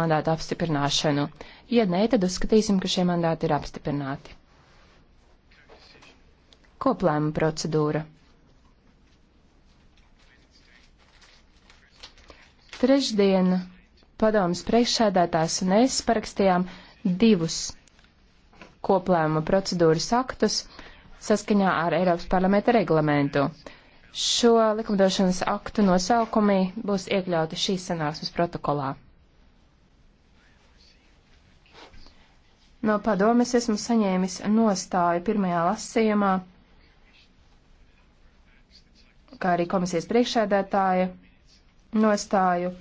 mandātu apstiprināšanu. Ja nē, tad uzskatīsim, ka šie mandāti ir apstiprināti. Koplēma procedūra. Trešdien padomas priekšsēdētājs un es parakstījām divus koplēma procedūras aktus saskaņā ar Eiropas parlamenta reglamentu. Šo likumdošanas aktu nosaukumi būs iekļauti šīs sanāksmes protokolā. No padomes esmu saņēmis nostāju pirmajā lasījumā, kā arī komisijas priekšēdētāja nostāju.